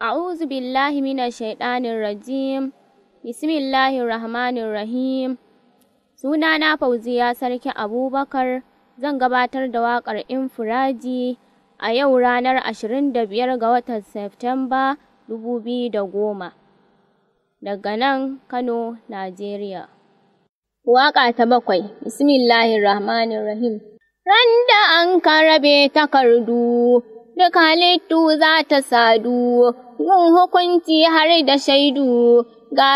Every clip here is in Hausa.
A'udhu billahi minash shaitanir rajim. Bismillahir rahmanir rahim. Sunana Fauziya Sarki Abubakar. Zan gabatar da waƙar Infiraji a yau ranar 25 ga watan Satumba 2010. Daga nan Kano, Najeriya. Waƙa ta bakwai. Bismillahir rahmanir rahim. Randa an karabe takardu duk halittu za ta sadu, Yin hukunci har da shaidu, ga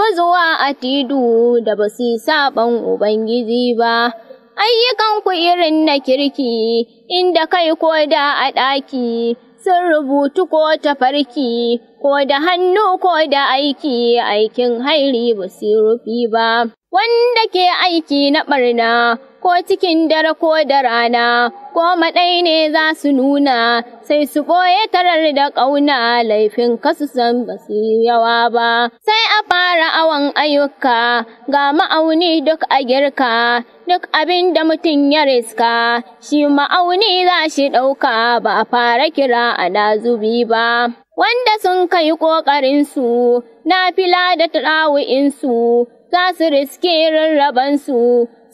ba zuwa a tidu da ba su saɓan Ubangiji ba. Ayyukanku irin na kirki, inda kai ko da a ɗaki, sun rubutu ko ta farki, ko da hannu ko da aiki, aikin hairi ba su rufi ba. Wanda ke aiki na ɓarna, ko cikin dare ko da rana, ko maɗai ne za su nuna, sai su ɓoye tarar da ƙauna laifin kasu san ba su yawa ba. Sai a fara awon ayyuka, ga ma'auni duk a girka, duk abin da mutum ya riska, shi ma'auni za shi ɗauka ba a fara kira a dazubi ba. Wanda sun kai ƙoƙarinsu, na fila da tarawu'insu, za su riske rarrabansu.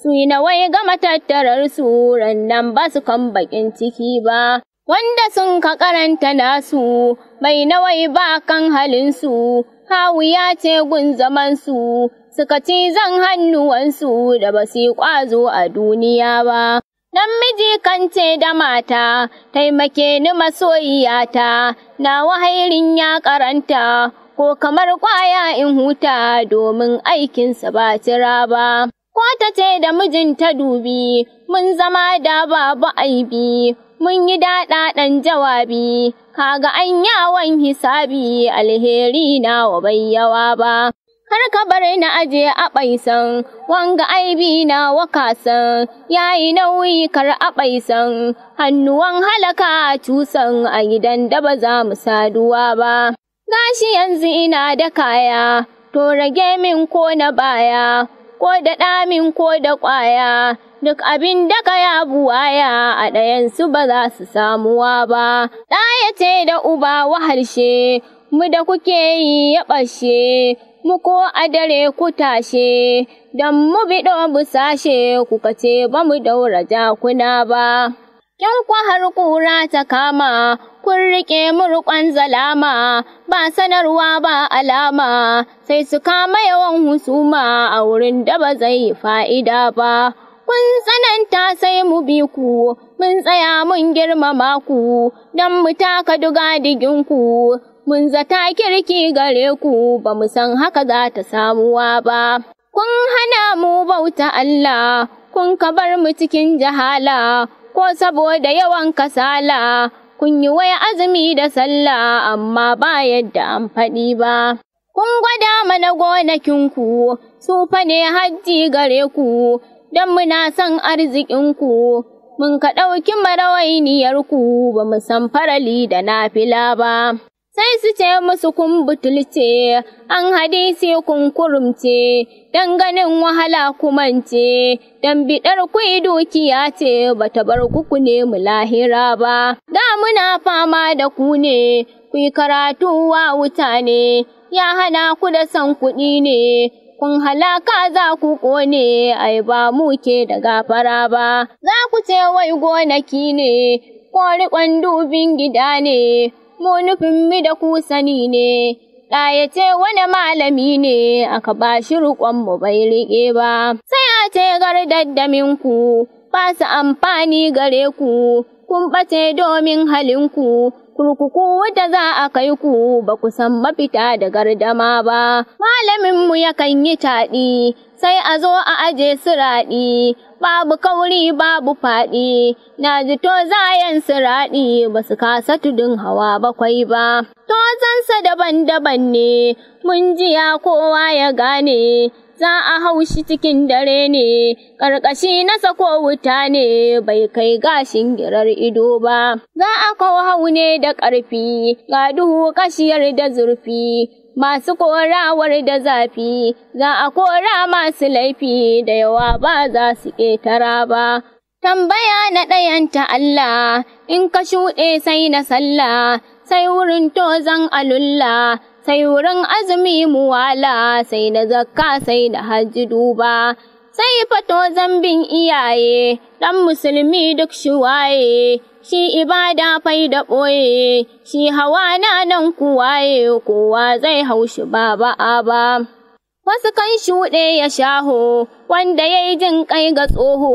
su yi nawai ga tattarar su nan ba su kan bakin ciki ba wanda sun ka karanta nasu mai nawai ba kan halinsu hawiya ce gun zamansu suka ci zan hannuwansu da ba su yi ƙwazo a duniya ba miji kan ce da mata, taimake ni masoyiyata, na wahairin ya karanta, ko kamar kwaya in huta domin aikinsa ba tira ba. Kwata ce da mijinta dubi, mun zama da babu aibi, mun yi daɗaɗan jawabi, kaga an yawan hisabi alheri na wa bayyawa ba. Har ka bar na aje a ɓaisan, wanga aibi na wakasan, yayi nauyi kar a ɓaisan, hannuwan halaka cusan a gidan da ba za mu saduwa ba. Gashi yanzu ina da kaya, to rage min ko na baya, ko da ɗamin ko da ƙwaya duk abin da ka ya buwaya a ɗayansu ba za su samuwa ba ɗaya ce da uba wahalshe mu da kuke yi ya ɓashe mu ko a dare ku tashe don mu biɗo sashe, kuka ce ba mu daura jakuna ba kwa har ƙura ta kama, kun riƙe murƙon zalama, ba sanarwa ba alama, sai su kama yawan husuma a wurin da ba zai fa'ida ba. Kun tsananta sai mu bi ku, mun tsaya mun girmama ku, don mu taka duga diginku, mun zata kirki gare ku, ba mu san haka za ta samuwa ba. Kun hana mu bauta Allah, kun ka bar mu cikin jahala. ko saboda yawan kasala kun yi wai azumi da sallah amma ba yadda an faɗi ba kun gwada mana gonakinku su fa ne hajji gare ku don muna son arzikinku mun ka ɗauki marawainiyarku ba mu san farali da nafila ba sai su ce musu kun butulce, an hadisi kun kurumce, don ganin wahala kumance, don biɗar ku dukiya ce bata bar kuku ne mu lahira ba. Da muna fama da ku ne, ku yi karatu wa wuta ne, ya hana ku da son kuɗi ne, kun halaka za ku ƙone, ai ba mu ke da gafara ba. Za ku ce wai gonaki ne, ko riƙon dubin gida ne, mu nufin mi da ku sani ne ɗayace wani malami ne aka ba shi riƙon mu bai riƙe ba sai a ce gar ku ba su amfani gare ku kun ɓace domin halinku kurkuku wata za a kai ku ba ku san mafita da gardama ba malamin mu yakan yi taɗi sai a zo a aje siraɗi, babu kauri babu faɗi, na ji to zayen siraɗi ba su kasa tudun hawa bakwai ba. To zansa daban-daban ne, mun jiya kowa ya gane, za a haushi cikin dare ne, ƙarƙashi na sako wuta ne bai kai gashin girar ido ba. Za a kawo hau ne da ƙarfi, ga duhu kashiyar da zurfi, masu korawar da zafi, za a kora masu laifi da yawa ba za su ƙetara ba. Tambaya na ɗayanta Allah, in ka shuɗe sai na sallah, sai wurin tozan alulla, sai wurin azumi muwala, sai na zakka sai da hajji duba. Sai fato zambin iyaye, ɗan musulmi duk shi waye. shi ibada fai da ɓoye, shi hawa na nan kuwaye kowa zai haushi ba ba'a ba. Wasu kan shuɗe ya shaho, wanda ya yi jin kai ga tsoho,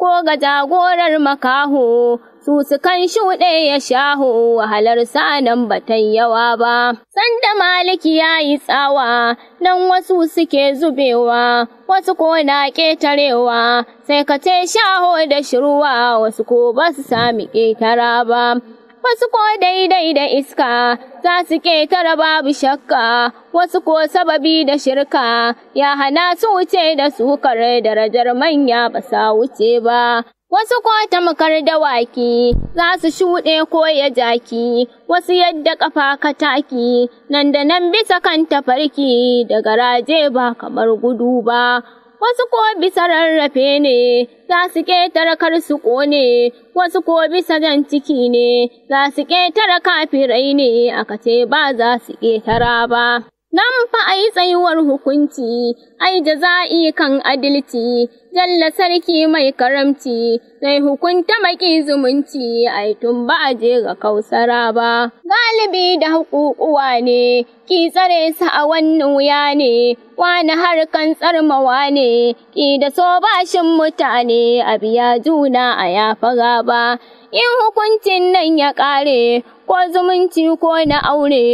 ko ga jagorar makaho, Susukan shuɗe ya shahu wahalar ba batan yawa ba, sanda maliki ya yi tsawa nan wasu suke zubewa, wasu ko na ƙetarewa, sai ka ce shaho da shiruwa, wasu ko ba su sami ƙetara ba. Wasu ko daidai da iska za su ƙetara babu shakka, wasu ko sababi da shirka ya hana su wuce da sukar darajar manya ba sa wuce ba. Wasu ko ta tamkar dawaki za su shuɗe ko ya jaki, wasu yadda ƙafa ka taki, nan da nan bisa kan tafarki da garaje ba kamar gudu ba. Wasu ko bisa rarrafe ne, za su ƙetare kar su ƙone, wasu ko bisa jan ciki ne, za su ƙetare kafirai ne, aka ce ba za su ƙetara ba. Nan fa a yi tsayuwar hukunci, ai jaza'i kan adalci, jalla sarki mai karamci sai hukunta maki zumunci ai tun ba a je ga kausara ba galibi da hukukuwa ne ki tsare sa a wannan wuya ne wani harkan tsarmawa ne ki da so bashin mutane a biya juna a yafa gaba in hukuncin nan ya kare ko zumunci ko na aure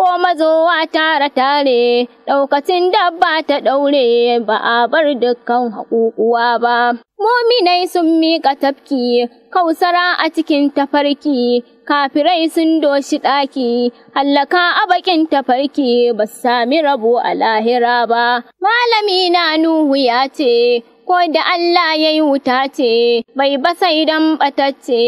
ko mazowa tare tare ɗaukacin dabba ta ɗaure ba a bar dukkan haƙuƙuwa ba. Muminai sun miƙa tafki, kausara a cikin tafarki, kafirai sun doshi ɗaki, hallaka a bakin tafarki ba sami rabo a lahira ba. Malami na Nuhu ya ce, ko da Allah ya yi wuta ce, bai ba sai dan ɓatacce,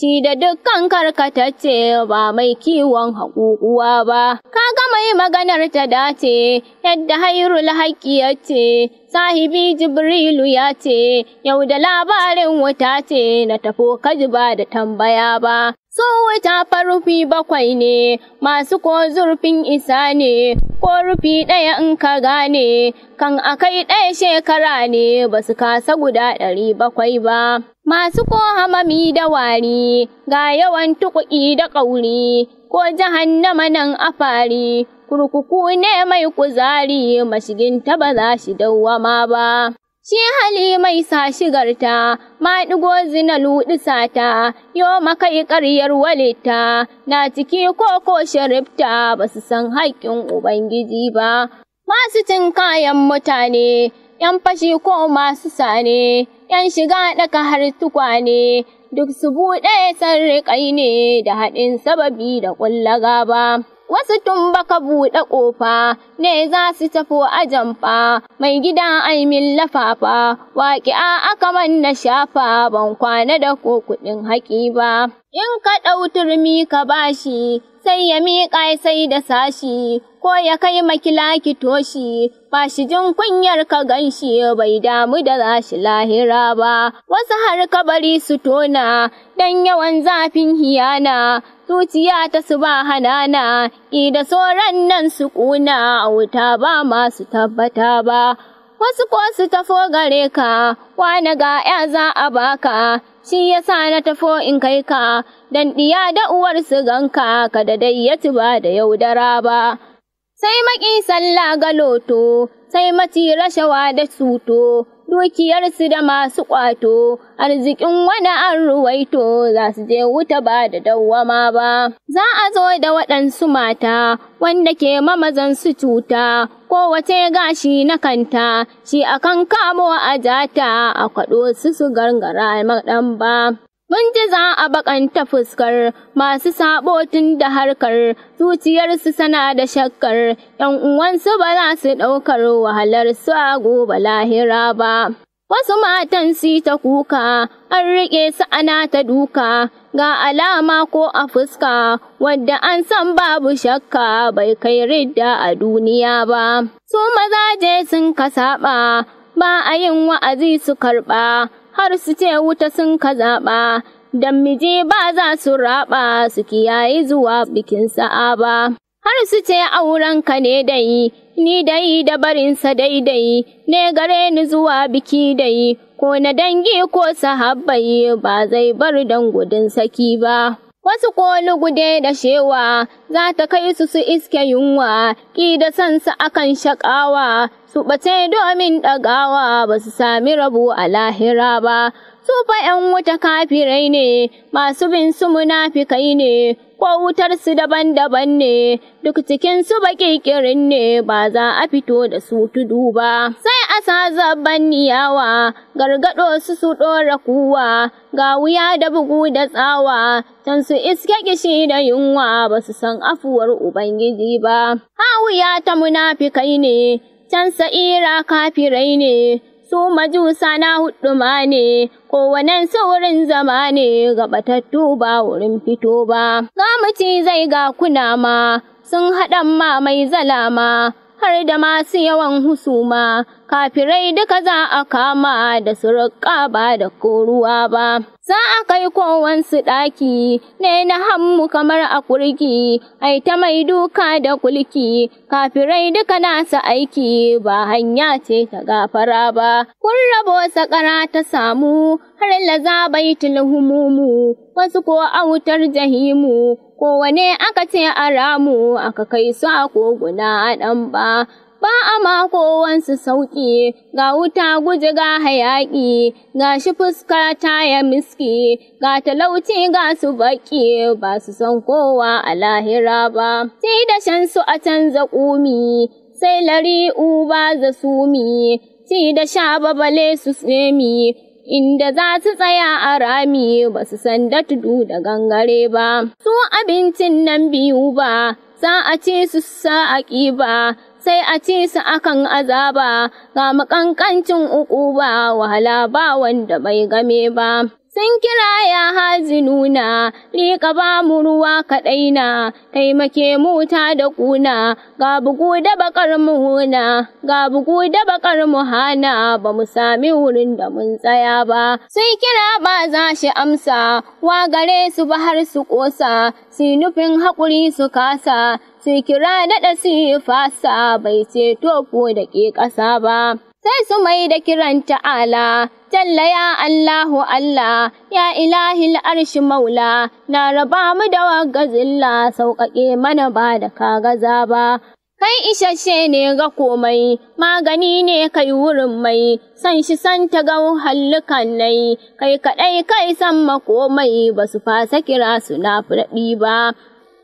shi da dukkan karkatacce ba mai kiwon haƙuƙuwa ba, ka gama yi maganar ta dace, yadda hairul haƙƙi ya ce, sahibi Jibrilu ya ce, yau da labarin wuta ce na tafo kaji ba da tambaya ba, Soja farufi bakwai ne, masu ko zurfin isa ne, ko rufi ɗaya in ka gane, kan akai ɗaya shekara ne, ba su kasa guda ɗari bakwai ba. Masu ko hamami da wari, ga yawan tuƙuƙi da ƙauri, ko jahannama nan a fari, kurkuku ne mai kuzari, mashigin ta ba za shi dawwama ba. Shi hali mai sa shigarta, ɗigo zina luɗisata, yo yi ƙaryar walita, na ciki koko sharifta ba su san haƙƙin Ubangiji ba. Masu cin kayan mutane, ‘yan fashi ko masu sane, ‘yan shiga ɗaka har tukwane, duk su buɗe sarri ne da haɗin sababi da ƙullaga ba wasu tun baka buɗe ƙofa ne za su tafi a jamfa mai gida aimin lafafa waƙi'a aka manna shafa ban kwana da ko kuɗin haƙi ba in ka ɗau turmi ka bashi sai ya miƙa sai da sashi, ko ya kai ki toshi, ba shi jin kunyar ka ganshi bai damu da zashi lahira ba, wasu har bari su tona, dan yawan zafin hiyana, zuciya ta su ba hanana, Ki da soran nan su ƙuna, a wuta ba masu tabbata ba. wasu ko su tafo gare ka, wane ga ya za a baka, shi ya sa na tafo in kai ka, don ɗiya da uwar su ganka, kada dai ya ba da yaudara ba. Sai maki sallah ga loto, sai maci rashawa da suto, dukiyarsu da masu ƙwato, arzikin wani an ruwaito za su je wuta ba da dawwama ba. Za a zo da waɗansu mata, wanda ke mamazan su cuta, Ko kowace gashi na kanta shi akan kamo a jata a kwaɗo su su gargara maɗan ba mun ji za a bakanta fuskar masu sabo tun da harkar zuciyarsu sana da shakkar yan uwansu ba za su ɗaukar wahalar su a gobe lahira ba wasu matan su ta kuka an riƙe su ana ta duka ga alama ko a fuska wadda an san babu shakka bai kai ridda a duniya ba su maza je sun ka saba ba a yin wa'azi su karɓa har su ce wuta sun ka zaɓa don miji ba za su raɓa su kiyaye zuwa bikin sa'a ba har su ce aurenka ne dai ni dai da barinsa daidai ne gare ni zuwa biki dai ko na dangi ko sahabbai ba zai bar dan saki ba. Wasu koli gude da shewa za ta kai su su iske yunwa, ƙi da san su akan shaƙawa, su ɓace domin ɗagawa ba su sami rabu a lahira ba. Su ‘yan wuta kafirai ne, masu bin su munafikai ne, su daban-daban ne, duk cikinsu baƙi ƙirin ne ba za a fito da su tudu ba. Sai a sa zaban niyawa, gargaɗo su su ɗora kuwa, ga wuya da bugu da tsawa, can su iske kishi da yunwa ba su san afuwar Ubangiji ba. wuya ta munafikai ne, can sa'ira kafirai ne, su majusa na hudu ma ne kowannen su wurin zama ne ga batattu ba wurin fito ba ga zai ga ma. sun haɗa ma mai zalama har da masu yawan husuma kafirai duka za a kama da su ba da koruwa ba. Za a kai kowansu ɗaki, ne na hammu kamar a kurki, ai ta mai duka da kulki, kafirai duka nasa aiki ba hanya ce ta gafara ba. Kun rabo sakara ta samu, har laza baitul humumu, wasu ko autar jahimu, kowane aka ce a ramu, aka kai su a koguna a ɗan ba. ba a makowansu sauƙi, ga wuta guji ga hayaƙi, ga shi fuska taya miski, ga talauci ga su baƙi, ba su san kowa a lahira ba. Sai da shansu a canza ƙumi, sai lari'u ba za sumi, ci da sha babale su tsemi, inda za su tsaya a rami ba su san da tudu da gangare ba. Su abincin nan biyu ba, za a ce su sa a ƙiba, sai a ci su akan azaba ga makankancin uku ba wahala ba wanda bai game ba. Sun kira ya hazinuna, liƙa ba mu ruwa kaɗai na, taimake muta da ƙuna, ga bugu da bakar mu huna ga bugu da bakar hana ba mu sami wurin da mun tsaya ba. Sun kira ba za shi amsa, wa gare su ba har su ƙosa, si nufin haƙuri su kasa, su kira daɗa sifasa bai ceto ko da ke ƙasa ba. Sai su mai da kiran ta'ala, talla ya Allahu Allah, ya ilahil arshi maula, na raba mu da wagazilla sauƙaƙe mana ba da ka gaza ba. kai isasshe ne ga komai, magani ne kai wurin mai, san shi san ta ga hallukan nai, kai kaɗai kai san makomai ba su fasa kira su na ba.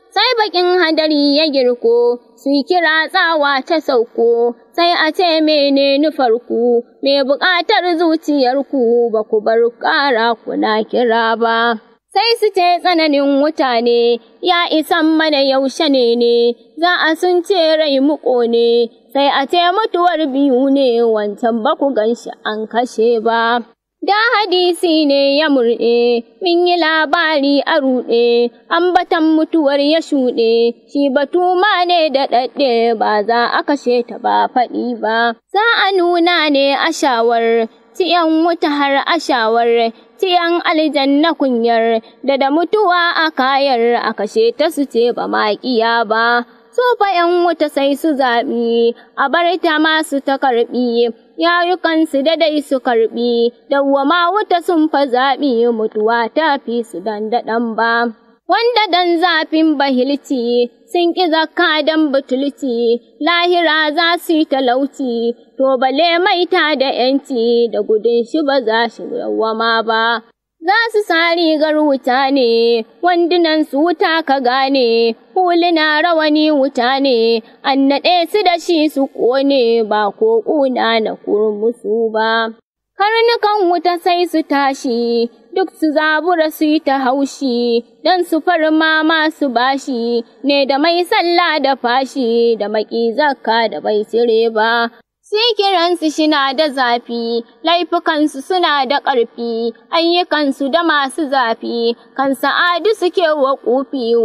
sai bakin hadari ya girko, su kira tsawa ta sauko, sai a ce mene farku me buƙatar zuciyarku ba ku bar ƙara kuna kira ba. Sai su ce tsananin wuta ne, ya isan mana yaushe ne ne, za a sun ce rai muƙo ne, sai a ce mutuwar biyu ne wancan ba ku ganshi an kashe ba. Da hadisi ne ya murɗe, mun yi labari a ruɗe, ambatan mutuwar ya shuɗe, shi batu ma ne da ɗaɗɗe ba za a kashe ta ba faɗi ba. Za a nuna ne a shawar, tiyan wuta har a shawar, tiyan aljanna kunyar, da da mutuwa a kayar a kashe ta su ce ba maƙiya ba. so fa ‘yan wuta sai su zaɓi, a bar ta masu ta karɓi, yayukansu da dai su karɓi, ma wuta sun fa zaɓi mutuwa ta fi su dandaɗan ba. Wanda dan zafin bahilci sun ƙi zakka don butulci, lahira za su yi talauci, to bale maita da ‘yanci da gudun shi ba za shi dawwama ba. za su sa rigar wuta ne, wandunan su wuta ka gane, huluna rawani wuta ne, an naɗe su da shi su ƙone ba ko ƙuna na kurmusu ba. Karnukan wuta sai su tashi, duk su zabura su yi ta haushi, don su farma masu bashi, ne da mai sallah da fashi, da maƙi zakka da bai sire ba. Sikiransu suna da zafi, laifukansu suna da ƙarfi, ayyukansu da masu zafi, kan sa'adu suke wa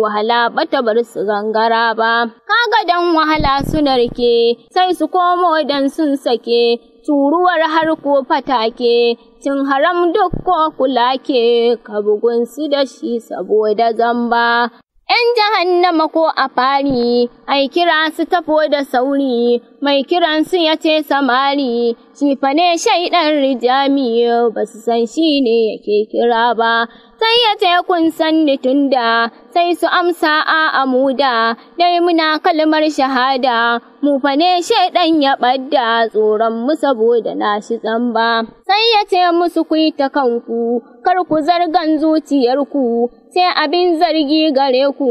wahala bata bar su gangara ba. Kaga dan wahala su narke, sai su komo dan sun sake, turuwar har ko fatake, cin haram duk ko kula ke, ka bugunsu da shi saboda zamba. ‘Yan jahannama ko a fari, ai kira su tafo da sauri, mai kiran su ya ce samari shi fa ne shaidan rijami ba su san shi ne yake kira ba sai ya ce kun san ni tunda sai su amsa a amuda dai muna kalmar shahada mu fa ne shaidan ya ɓadda tsoron mu saboda na shi tsamba sai ya ce musu ku ta kanku kar ku zargan zuciyarku sai abin zargi gare ku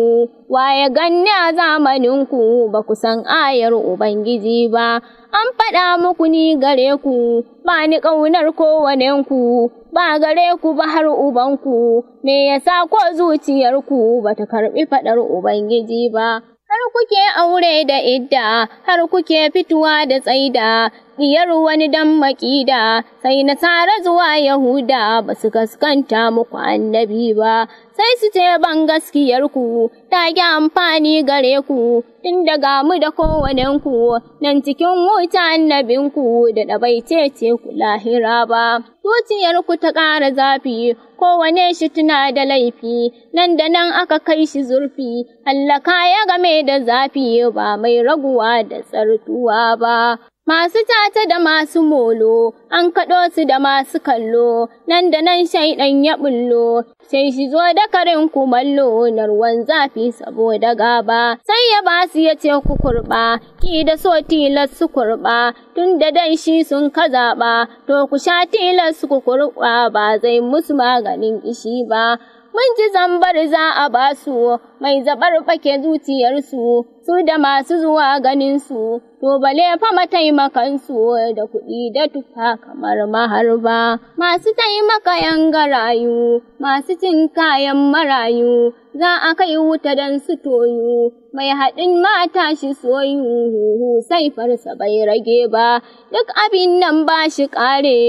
waye ganni a zamaninku ba ku san ayar Ubangiji ba, an faɗa muku ni gare ku, ba ni ƙaunar kowanenku, ba gare ku ba har ubanku, me yasa ko zuciyarku ba ta karɓi faɗar Ubangiji ba. Har kuke aure da idda, har kuke fituwa da tsaida, diyar wani dan makida sai tsara zuwa yahuda ba su kaskanta muku annabi ba sai su ce ban gaskiyarku ku ta yi amfani gare ku tun daga mu da kowanen ku nan cikin wuta annabin ku da bai ce ku lahira ba zuciyarku ta ƙara zafi kowane shi tuna da laifi nan da nan aka kai shi zurfi allaka ya game da zafi ba mai raguwa da tsartuwa ba Masu tata da masu molo, an kaɗo su da masu kallo, nan da nan shaiɗan ya ɓullo, sai shi zo da karin kumallo na ruwan zafi saboda gaba, sai ya ba su ya ce ku kurɓa, ki da so tilas su kurɓa, tun da dan shi sun ka zaɓa, to ku sha tilas ku kurɓa ba zai musu maganin ishi ba. Mun ji zambar za a basu, mai zaɓar fake zuciyarsu, su da masu zuwa ganin su, to bale fa mataimakansu da kuɗi da tufa kamar maharba. Masu taimaka yan garayu, masu cin kayan marayu, za a kai wuta don su toyu, mai haɗin mata shi soyi huhu sai farsa bai rage ba duk abin nan ba shi ƙare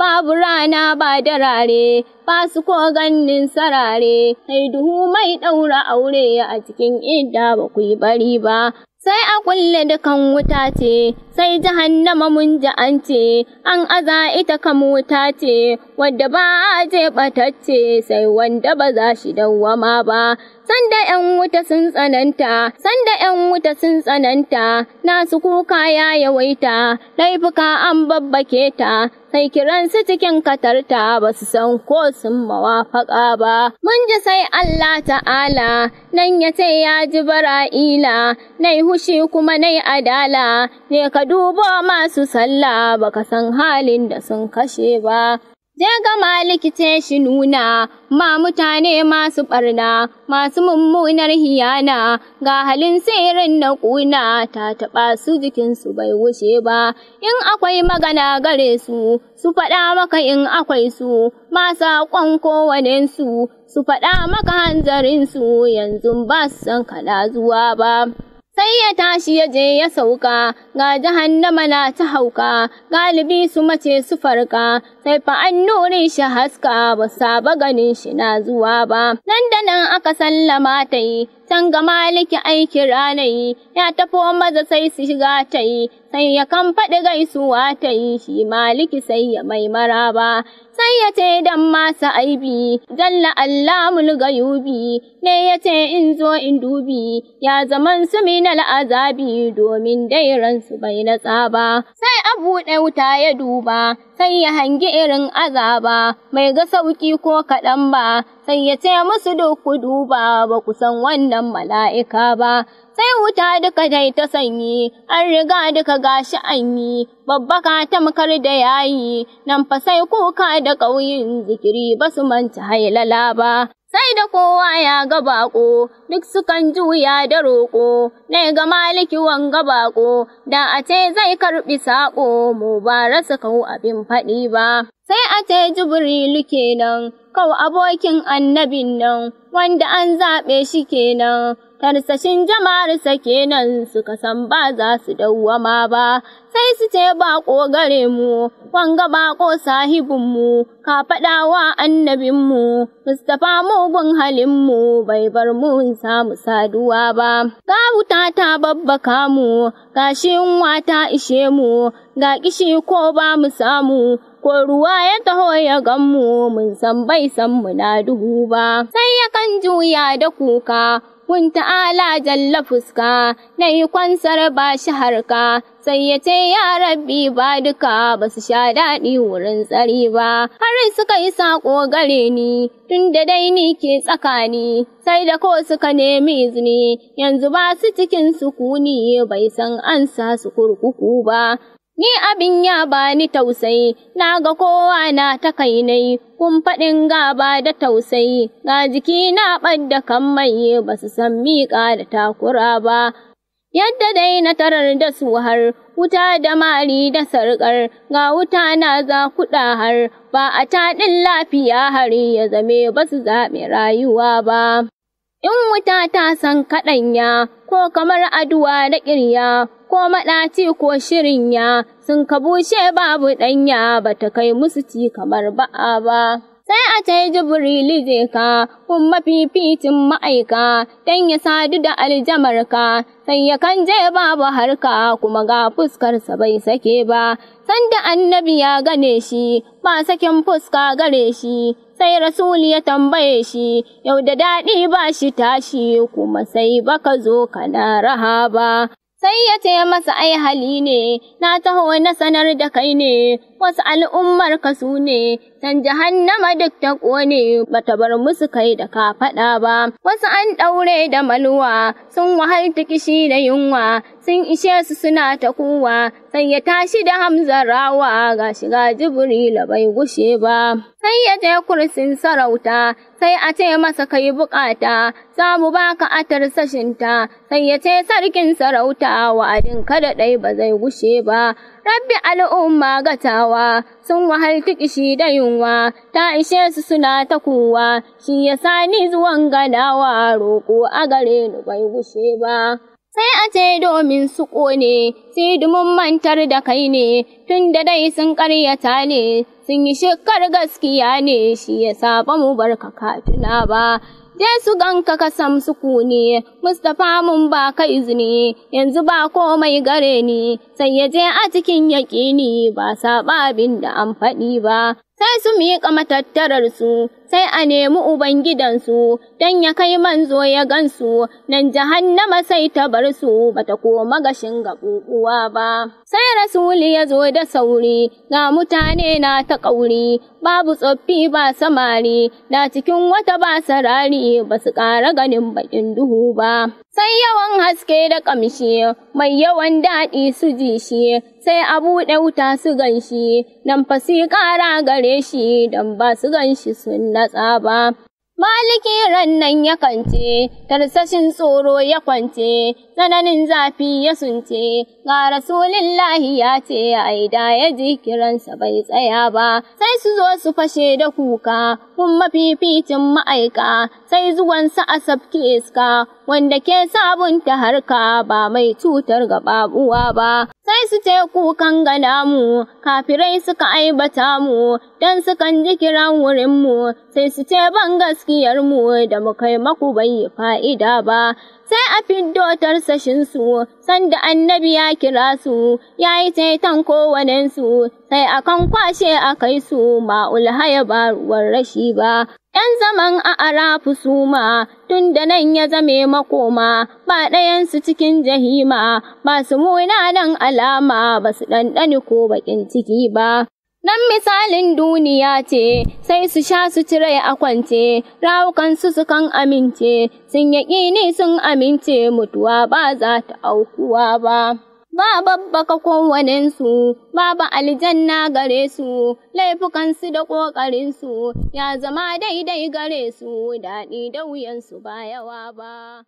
babu rana ba darare ba su ko gannin sarare sai duhu mai ɗaura aure a cikin idda ba ku yi bari ba sai a kulle dukan wuta ce, sai jahannama mun ji an ce, an aza ita kan wuta ce, wadda ba a je batacce sai wanda ba za shi dawwama ba. Sanda ‘yan wuta sun tsananta, sanda ‘yan wuta sun tsananta, nasu kuka ya yawaita, laifuka an babbake ta, kai kiransu cikin katarta ba su san ko sun mawafaka ba. Mun ji sai Allah ta'ala, nan ya ce ya ji bara'ila, nai hushi kuma nai adala, ne ka dubo masu sallah baka san halin da sun kashe ba. Je ga likita shi nuna, ma mutane masu ɓarna, masu mummunar hiyana, ga halin sirrin na ƙuna ta taɓa su jikinsu bai wuce ba, in akwai magana gare su, su faɗa maka in akwai su, masu saƙon kowanensu, su faɗa maka hanzarinsu yanzu ba su san kana zuwa ba. sai ya tashi ya je ya sauka ga jahannama na ta hauka galibi su mace su farka sai fa an nuri shi haska ba saba ganin shi na zuwa ba nan da nan aka sallama ta yi can ga maliki aiki ranayi ya tafo maza sai su shiga ta yi sai ya kan faɗi gaisuwa ta yi shi maliki sai ya mai maraba sai ya ce dan masa aibi jalla allamul gayubi ne ya ce in zo in dubi ya zaman su min azabi domin dai ransu bai na tsaba sai abu wuta ya duba sai ya hangi irin azaba mai ga sauki ko kaɗan ba sai ya ce musu duk duba ba ku san wannan mala'ika ba, sai wuta duka dai ta sanyi, an riga duka gashi an yi, babbaka tamkar da yayi, nan fa sai kuka da ƙauyin zikiri ba su manta hailala ba. sai da kowa ya ga baƙo, duk sukan juya da roƙo, ne ga maliki wanga baƙo, da a ce zai karɓi sako. mu ba rasa kau abin faɗi ba. Sai a ce Jibrilu kenan, kau abokin annabin nan, wanda an zaɓe shi kenan, tarsashin sa kenan suka san ba za su dawwama ba sai su ce ba gare mu wanga bako mu, ka faɗawa mu, mustafa mugun halin mu, bai bar mu samu saduwa ba ga wuta ta babbaka mu ga shinwa ta ishe mu ga kishi ko ba mu samu ko ruwa ya taho ya ganmu mun san bai san mu na duhu ba sai ya kan juya da kuka kun ta'ala jalla fuska na yi kwansar ba shi harka sai ya ce ya rabbi ba duka ba su sha daɗi wurin tsari ba har suka yi saƙo gare ni tun da dai ni ke tsakani sai da ko suka nemi izini yanzu ba su cikin sukuni bai san an sa su kurkuku ba Ni abin ya bani tausayi, na ga kowa na ta kai nayi, kun faɗin gaba da tausayi, ga jiki na ɓadda kan maye ba su san miƙa da takura ba. Yadda dai na tarar da su har, wuta da mari da sarƙar, ga wuta na za kuɗa har, ba a taɗin lafiya hari ya zame ba su zaɓi rayuwa ba. In wuta ta san kaɗanya, ko kamar aduwa da ƙirya ko maɗaci ko shirinya sun ka bushe babu ɗanya ta kai musu ci kamar ba'a ba. sai a ce jibrilu zai ka kuma mafifitin ma'aika don ya sadu da aljamar ka sai ya kan je babu harka kuma ga fuskarsa bai sake ba sanda annabi ya gane shi ba sakin fuska gare shi sai rasuli ya tambaye shi yau da daɗi ba shi tashi kuma sai baka zo kana raha ba sai ya ce masa ai hali ne na taho na sanar da kai ne Wasu al'ummarka su ne, can jahannama duk ta ƙone bata bar musu kai da ka faɗa ba. Wasu an ɗaure da maluwa sun wahalta kishi da yunwa, sun ishe su suna ta kuwa, sai ya tashi da Hamza rawa ga shiga Jibrila bai gushe ba. Sai ya je kursin sarauta, sai a ce masa kai bukata, za mu baka atar sashinta, sai ya ce sarkin sarauta wa'adin kada ɗai ba zai gushe ba. rabbi al'umma gatawa sun wahalci kishi da yunwa ta ishe su suna ta kuwa shi ya sani zuwan gadawa roƙo a gare ni bai gushe ba sai a ce domin su ƙone sai dumin mantar da kai ne tun da dai sun ƙaryata ne sun yi shekar gaskiya ne shi ya saba mu barka katina ba Je su ganka ka sam kuni Mustapha mun ba ka izini yanzu ba komai gare ni sai ya je a cikin yaƙini ba saɓa abin da an ba sai su miƙa matattarar su sai a nemi Ubangidansu, don ya kai manzo ya gansu, nan jahannama sai ta bar su ba ta koma gashin gaɓuɓuwa ba. Sai Rasuli ya zo da sauri, ga mutane na ta ƙauri, babu tsoffi ba samari, na cikin wata ba sarari ba su ƙara ganin baƙin duhu ba. Sai yawan haske da ƙamshi, mai yawan daɗi su ji shi, sai a buɗe wuta su ganshi, nan fa su ƙara gare shi, don ba su ganshi sun da tsaba. Maliki ran nan ya kance, tarsashin tsoro ya kwance, tsananin zafi ya sunce ga rasulillahi ya ce aida ya ji kiransa bai tsaya ba sai su zo su fashe da kuka kun mafificin ma'aika sai zuwansa a sabki iska wanda ke sabunta harka ba mai cutar babuwa ba sai su ce kukan gana mu kafirai suka aibata mu dan sukan ji kiran wurinmu sai su ce ban gaskiyar mu da mu kai maku bai fa'ida ba sai a fiddo su, sanda annabi ya kira su ya yi ceton su, sai a kan kwashe a kai su ma'ul haya ba ruwan rashi ba ‘Yan zaman a arafu su ma, tun da nan ya zame makoma, ba ɗayan su cikin jahima, ba su munanan alama, ba su ɗanɗani ko baƙin ciki ba. Nan misalin duniya ce, sai su sha su cire a kwance, rawukansu sukan amince, sun yaƙi ni sun amince mutuwa ba za ta aukuwa ba. Ba babbaka kowanensu, babu aljanna gare su, laifukansu da ƙoƙarinsu, ya zama daidai gare su, daɗi da wuyansu ba yawa ba.